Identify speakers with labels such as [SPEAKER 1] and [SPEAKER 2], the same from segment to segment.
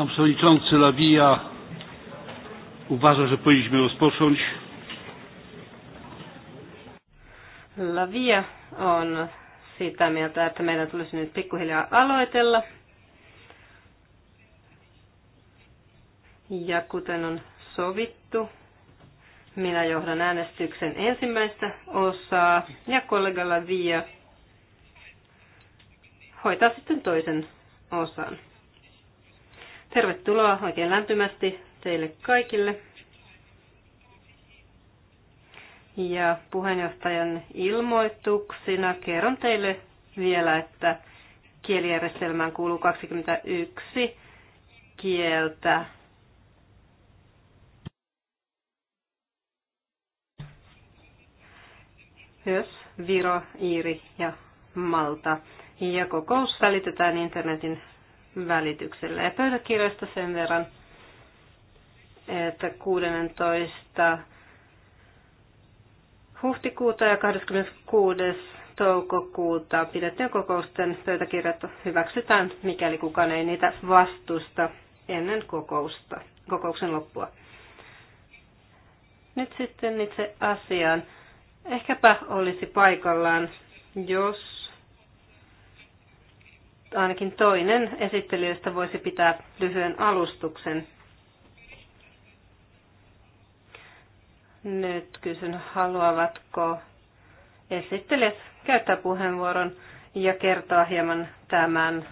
[SPEAKER 1] Pan przewodniczący Lawija uważa, że powinniśmy rozpocząć. Lawija on sitä mieltä, että meidän tulisi nyt pikkuhiljaa aloitella. Ja kuten on sovittu, minä johdan äänestyksen ensimmäistä osaa ja kollega Lavia hoitaa sitten toisen osan. Tervetuloa oikein lämpimästi teille kaikille. Ja puheenjohtajan ilmoituksina kerron teille vielä, että kielijärjestelmään kuuluu 21 kieltä. Myös Viro, Iiri ja Malta. Ja kokous välitetään internetin välityksellä. Ja pöytäkirjoista sen verran, että 16. huhtikuuta ja 26. toukokuuta pidettyjen kokousten pöytäkirjat hyväksytään, mikäli kukaan ei niitä vastusta ennen kokousta, kokouksen loppua. Nyt sitten itse asiaan. Ehkäpä olisi paikallaan, jos ainakin toinen esittelijöistä voisi pitää lyhyen alustuksen. Nyt kysyn, haluavatko esittelijät käyttää puheenvuoron ja kertoa hieman tämän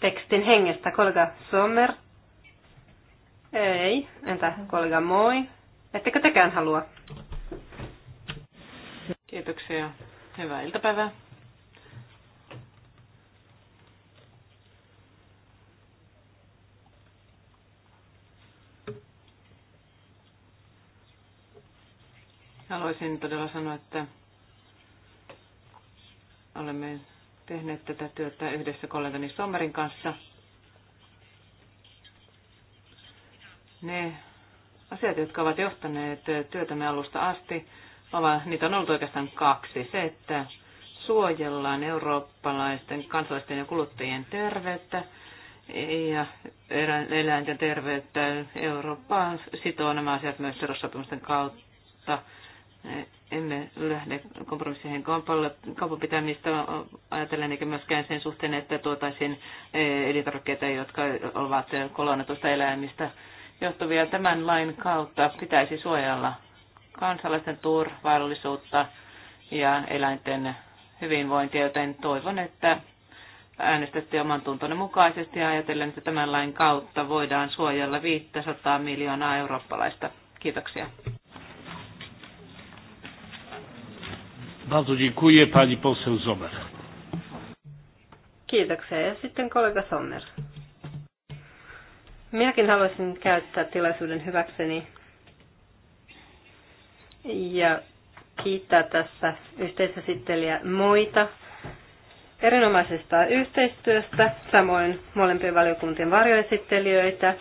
[SPEAKER 1] tekstin hengestä. Kollega Sommer? Ei. Entä kollega Moi? Ettekö tekään halua? Kiitoksia. Hyvää iltapäivää. Haluaisin todella sanoa, että olemme tehneet tätä työtä yhdessä kollegani Sommerin kanssa. Ne asiat, jotka ovat johtaneet työtämme alusta asti, ovat, niitä on ollut oikeastaan kaksi. Se, että suojellaan eurooppalaisten kansalaisten ja kuluttajien terveyttä ja eläinten terveyttä. Eurooppa sitoo nämä asiat myös perussopimusten kautta emme lähde kompromisseihin pitämistä ajatellen, eikä myöskään sen suhteen, että tuotaisiin eh, elintarvikkeita, jotka ovat kolonnatusta eläimistä johtuvia. Tämän lain kautta pitäisi suojella kansalaisten turvallisuutta ja eläinten hyvinvointia, joten toivon, että äänestätte oman tuntonne mukaisesti ja ajatellen, että tämän lain kautta voidaan suojella 500 miljoonaa eurooppalaista. Kiitoksia. Bardzo dziękuję pani poseł Zomer. Kiitoksia. Ja sitten kollega Sommer. Minäkin haluaisin käyttää tilaisuuden hyväkseni ja kiittää tässä yhteisösittelijä Moita erinomaisesta yhteistyöstä, samoin molempien valiokuntien varjoesittelijöitä,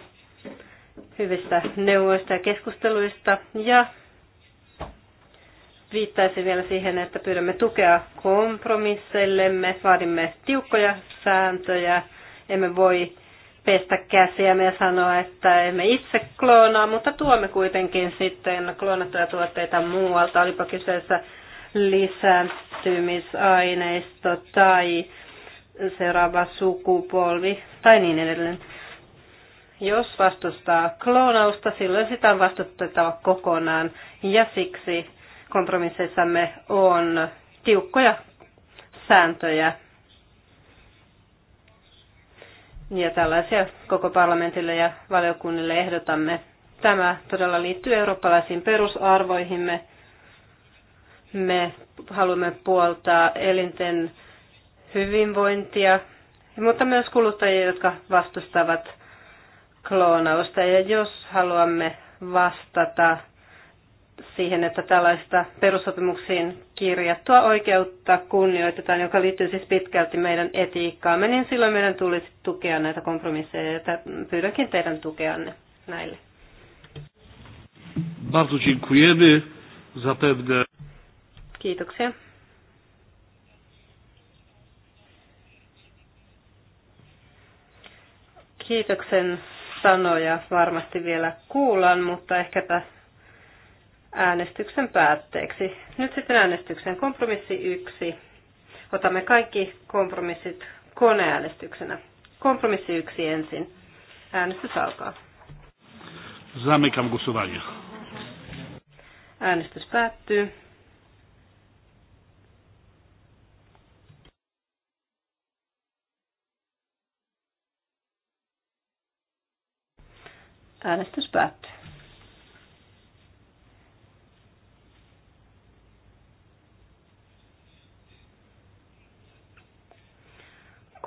[SPEAKER 1] hyvistä neuvoista ja keskusteluista ja viittaisin vielä siihen, että pyydämme tukea kompromisseillemme, vaadimme tiukkoja sääntöjä, emme voi pestä käsiämme ja sanoa, että emme itse kloonaa, mutta tuomme kuitenkin sitten kloonattuja tuotteita muualta, olipa kyseessä lisääntymisaineisto tai seuraava sukupolvi tai niin edelleen. Jos vastustaa kloonausta, silloin sitä on vastustettava kokonaan ja siksi kompromisseissamme on tiukkoja sääntöjä. Ja tällaisia koko parlamentille ja valiokunnille ehdotamme. Tämä todella liittyy eurooppalaisiin perusarvoihimme. Me haluamme puoltaa elinten hyvinvointia, mutta myös kuluttajia, jotka vastustavat kloonausta. Ja jos haluamme vastata siihen, että tällaista perusopimuksiin kirjattua oikeutta kunnioitetaan, joka liittyy siis pitkälti meidän etiikkaamme, niin silloin meidän tulisi tukea näitä kompromisseja, ja pyydänkin teidän tukeanne näille. Bardzo dziękujemy. Zapewne. Kiitoksia. Kiitoksen sanoja varmasti vielä kuullaan, mutta ehkäpä äänestyksen päätteeksi. Nyt sitten äänestyksen kompromissi 1. Otamme kaikki kompromissit koneäänestyksenä. Kompromissi 1 ensin. Äänestys alkaa. Zamykam głosowanie. Äänestys päättyy. Äänestys päättyy.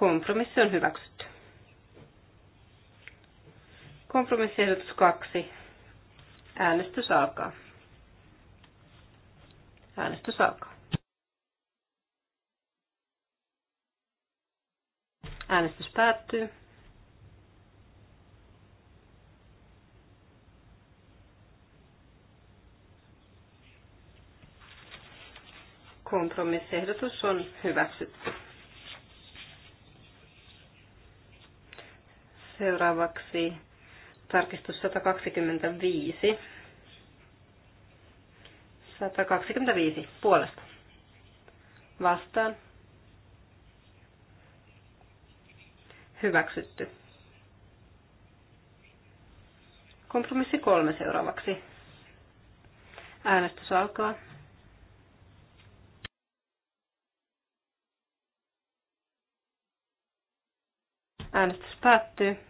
[SPEAKER 1] Kompromissi on hyväksytty. Kompromissiehdotus 2. Äänestys alkaa. Äänestys alkaa. Äänestys päättyy. Kompromissiehdotus on hyväksytty. Seuraavaksi tarkistus 125. 125 puolesta. Vastaan. Hyväksytty. Kompromissi kolme seuraavaksi. Äänestys alkaa. Äänestys päättyy.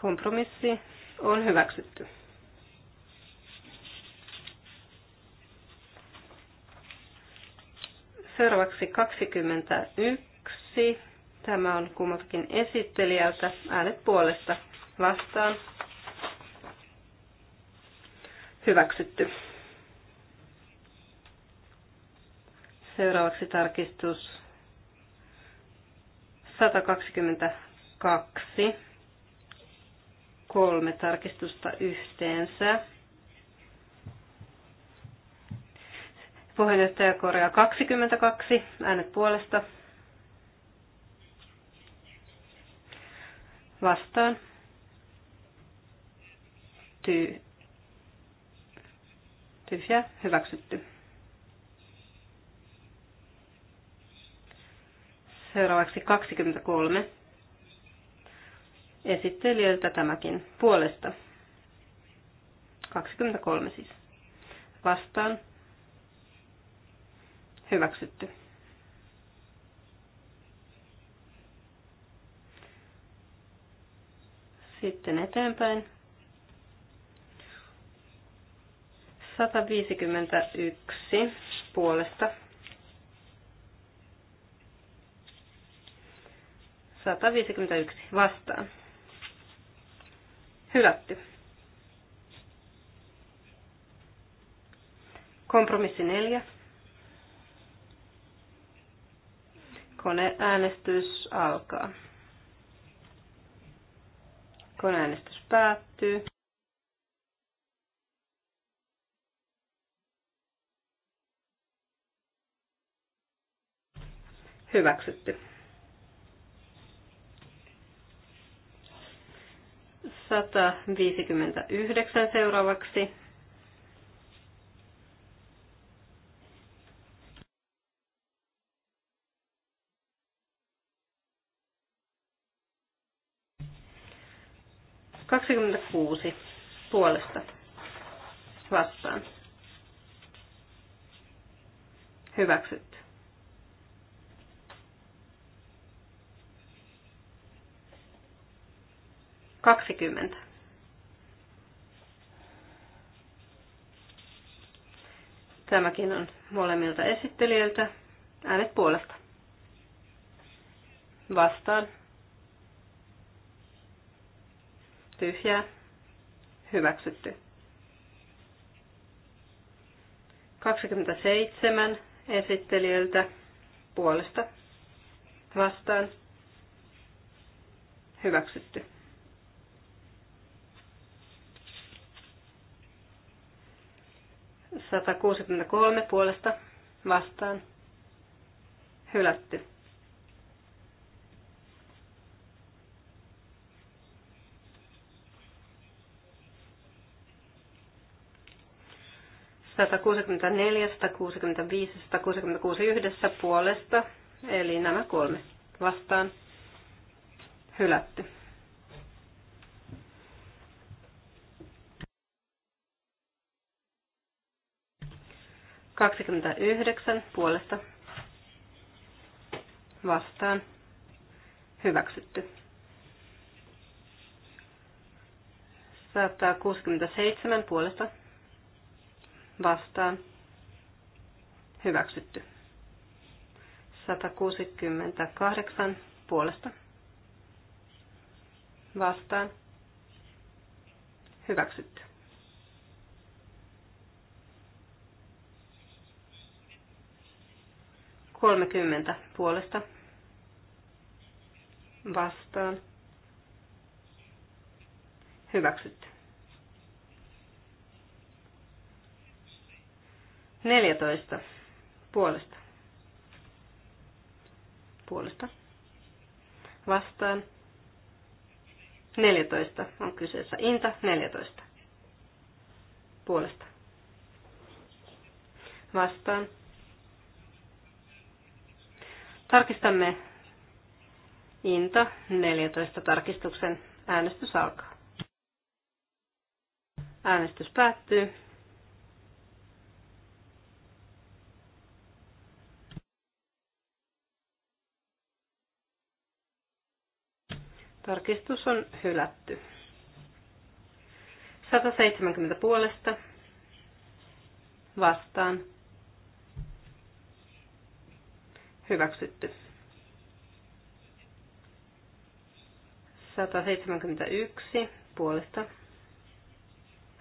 [SPEAKER 1] Kompromissi on hyväksytty. Seuraavaksi 21. Tämä on kummatkin esittelijältä. Äänet puolesta vastaan. Hyväksytty. Seuraavaksi tarkistus 122 kolme tarkistusta yhteensä. Puheenjohtaja korjaa 22, äänet puolesta. Vastaan. Tyy. Tyhjä, hyväksytty. Seuraavaksi 23 esittelijöiltä tämäkin puolesta. 23 siis. Vastaan. Hyväksytty. Sitten eteenpäin. 151 puolesta. 151 vastaan. Hylätty. Kompromissi neljä. Koneäänestys alkaa. Koneäänestys päättyy. Hyväksytty. 159 seuraavaksi. Kaksikymmentäkuusi puolesta vastaan. Hyväksytty. 20. Tämäkin on molemmilta esittelijöiltä. Äänet puolesta. Vastaan. Tyhjää. Hyväksytty. 27 esittelijöiltä puolesta vastaan hyväksytty. 163 puolesta vastaan hylätty. Sata kuusikymmentäneljä, sata kuusikymmentäviisi, sata yhdessä puolesta, eli nämä kolme vastaan hylätty. 29 puolesta vastaan hyväksytty. 167 puolesta vastaan hyväksytty. 168 puolesta vastaan hyväksytty. 30 puolesta vastaan. Hyväksytty. 14 puolesta. Puolesta. Vastaan. 14 on kyseessä. Inta 14. Puolesta. Vastaan. Tarkistamme Inta 14 tarkistuksen. Äänestys alkaa. Äänestys päättyy. Tarkistus on hylätty. 170 puolesta vastaan Hyväksytty. 171 puolesta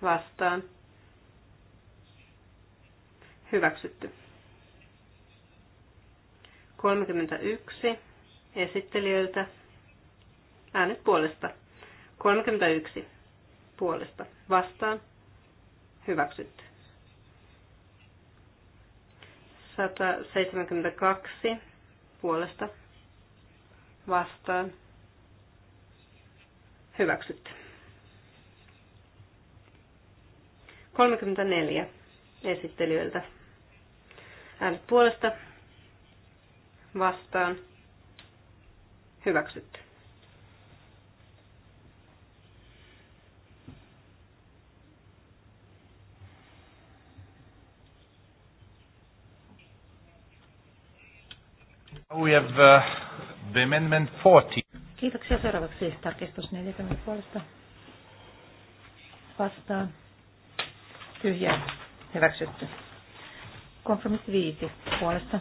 [SPEAKER 1] vastaan. Hyväksytty. 31 esittelijöiltä äänet puolesta. 31 puolesta vastaan. Hyväksytty. 172 puolesta vastaan hyväksytty. 34 esittelijöiltä. Äänet puolesta vastaan hyväksytty. We have uh, the amendment 40. Kiitoksia. Seuraavaksi tarkistus 40 puolesta. Vastaan. Tyhjää. Hyväksytty. Kompromissi 5 puolesta.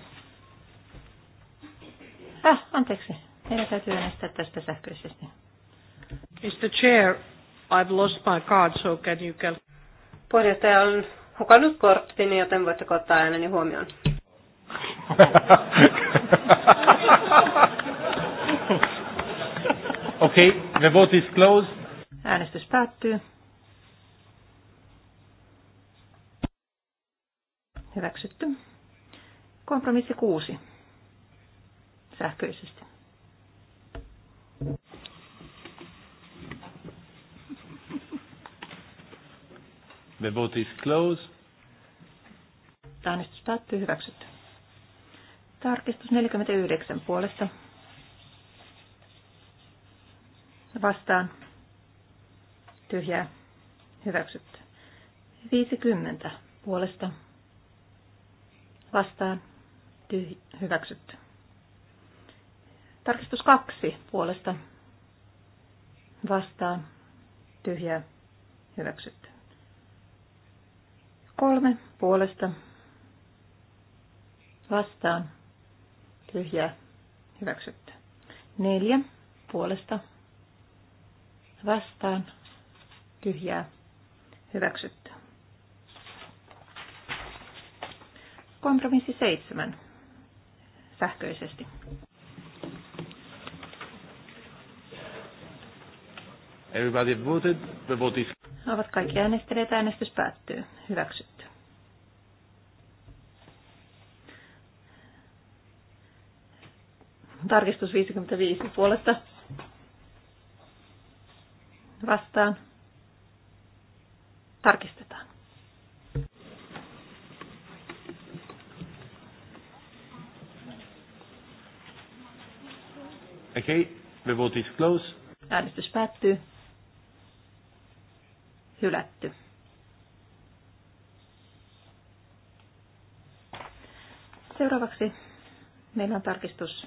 [SPEAKER 1] Ah, anteeksi. Meidän täytyy äänestää tästä sähköisesti. Mr. Chair, I've lost my card, so can you cal- Puheenjohtaja on hukannut korttini, joten voitteko ottaa ääneni huomioon? Okei, okay, the vote is closed. Äänestys päättyy. Hyväksytty. Kompromissi kuusi. Sähköisesti. The vote is closed. Äänestys päättyy. Hyväksytty. Tarkistus 49 puolesta. Vastaan. Tyhjää. Hyväksytty. 50 puolesta. Vastaan. Tyh- hyväksytty. Tarkistus 2 puolesta. Vastaan. Tyhjää. Hyväksytty. Kolme puolesta. Vastaan tyhjää hyväksytty. Neljä puolesta vastaan tyhjää hyväksytty. Kompromissi seitsemän sähköisesti. Everybody voted. The vote is... Ovat kaikki äänestäneet. Äänestys päättyy. Hyväksytty. Tarkistus 55 puolesta. Vastaan. Tarkistetaan. Okay, the vote is close. Äänestys päättyy. Hylätty. Seuraavaksi meillä on tarkistus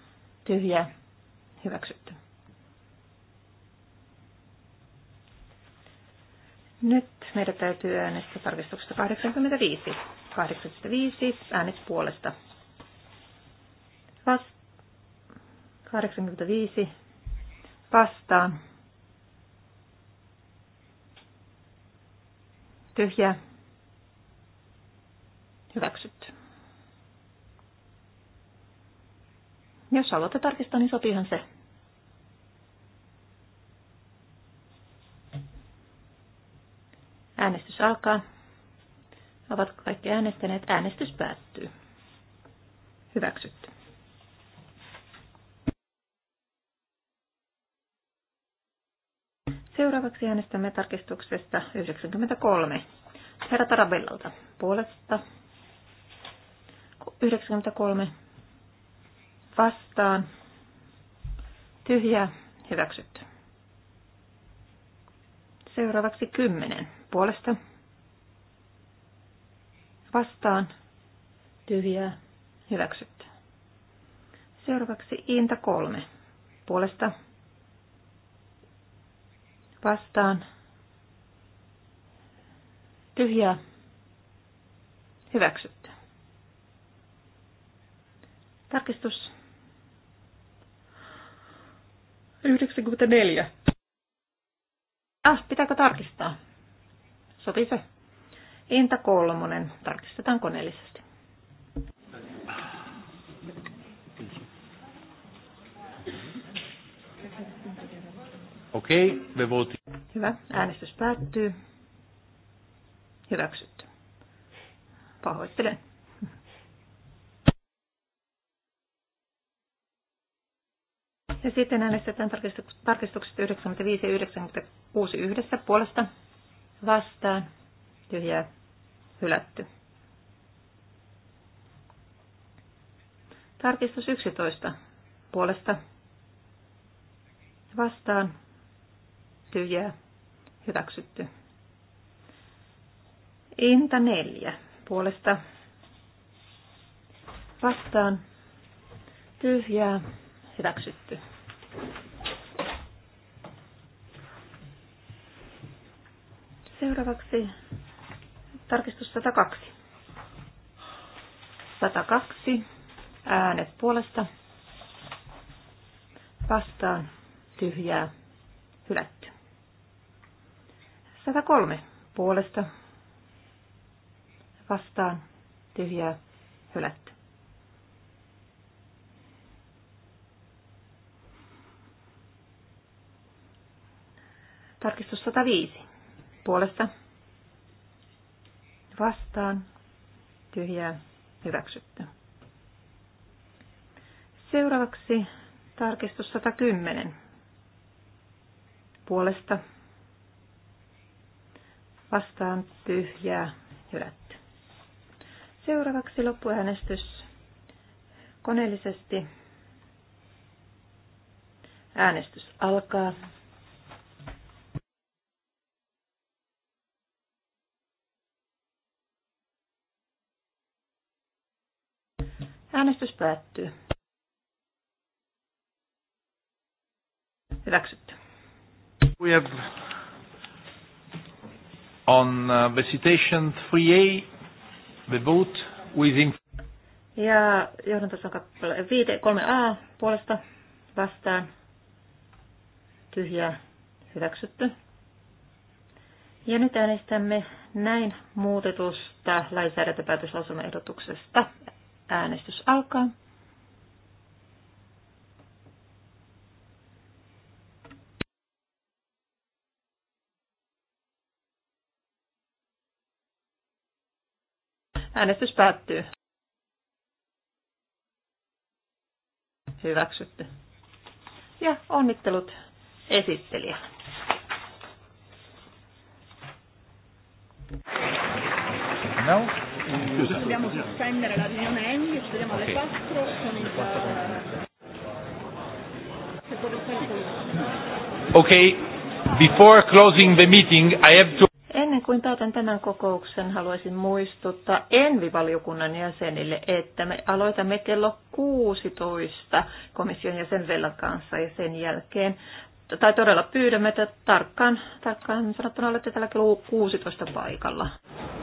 [SPEAKER 1] tyhjä, hyväksytty. Nyt meidän täytyy äänestää tarkistuksesta 85. 85 äänet puolesta. Vast 85 vastaan. Tyhjä. Hyväksytty. Jos haluatte tarkistaa, niin sopiihan se. Äänestys alkaa. Ovat kaikki äänestäneet? Äänestys päättyy. Hyväksytty. Seuraavaksi äänestämme tarkistuksesta 93. Herra Tarabellalta puolesta. 93 vastaan, tyhjää, hyväksytty. Seuraavaksi kymmenen puolesta, vastaan, tyhjää, hyväksytty. Seuraavaksi Inta kolme puolesta, vastaan, tyhjää, hyväksytty. Tarkistus 94. Ah, pitääkö tarkistaa? Sopii se. Inta kolmonen. Tarkistetaan koneellisesti. Okei, okay, me voitiin. Hyvä, äänestys päättyy. Hyväksytty. Pahoittelen. Ja sitten äänestetään tarkistukset 95 ja 96 yhdessä puolesta vastaan. Tyhjää hylätty. Tarkistus 11 puolesta vastaan. Tyhjää hyväksytty. Inta 4 puolesta vastaan. Tyhjää hyväksytty. Seuraavaksi tarkistus 102. 102. Äänet puolesta. Vastaan tyhjää hylätty. 103. Puolesta. Vastaan tyhjää hylätty. Tarkistus 105. Puolesta. Vastaan. Tyhjää. Hyväksytty. Seuraavaksi tarkistus 110. Puolesta. Vastaan. Tyhjää. Hylätty. Seuraavaksi loppuäänestys koneellisesti. Äänestys alkaa. Äänestys päättyy. Hyväksytty. We have on visitation uh, 3A the vote within ja johdantossa on kappale 3a puolesta vastaan. Tyhjää hyväksytty. Ja nyt äänestämme näin muutetusta lainsäädäntöpäätöslausumaehdotuksesta. Äänestys alkaa. Äänestys päättyy. Hyväksytty. Ja onnittelut esittelijä. No dobbiamo sospendere la riunione Envi, ci vediamo alle 4 con il... Okay, before closing the meeting, I have to... Ennen kuin päätän tämän kokouksen, haluaisin muistuttaa Envi-valiokunnan jäsenille, että me aloitamme kello 16 komission jäsen kanssa ja sen jälkeen, tai todella pyydämme, että tarkkaan, tarkkaan sanottuna olette täällä kello 16 paikalla.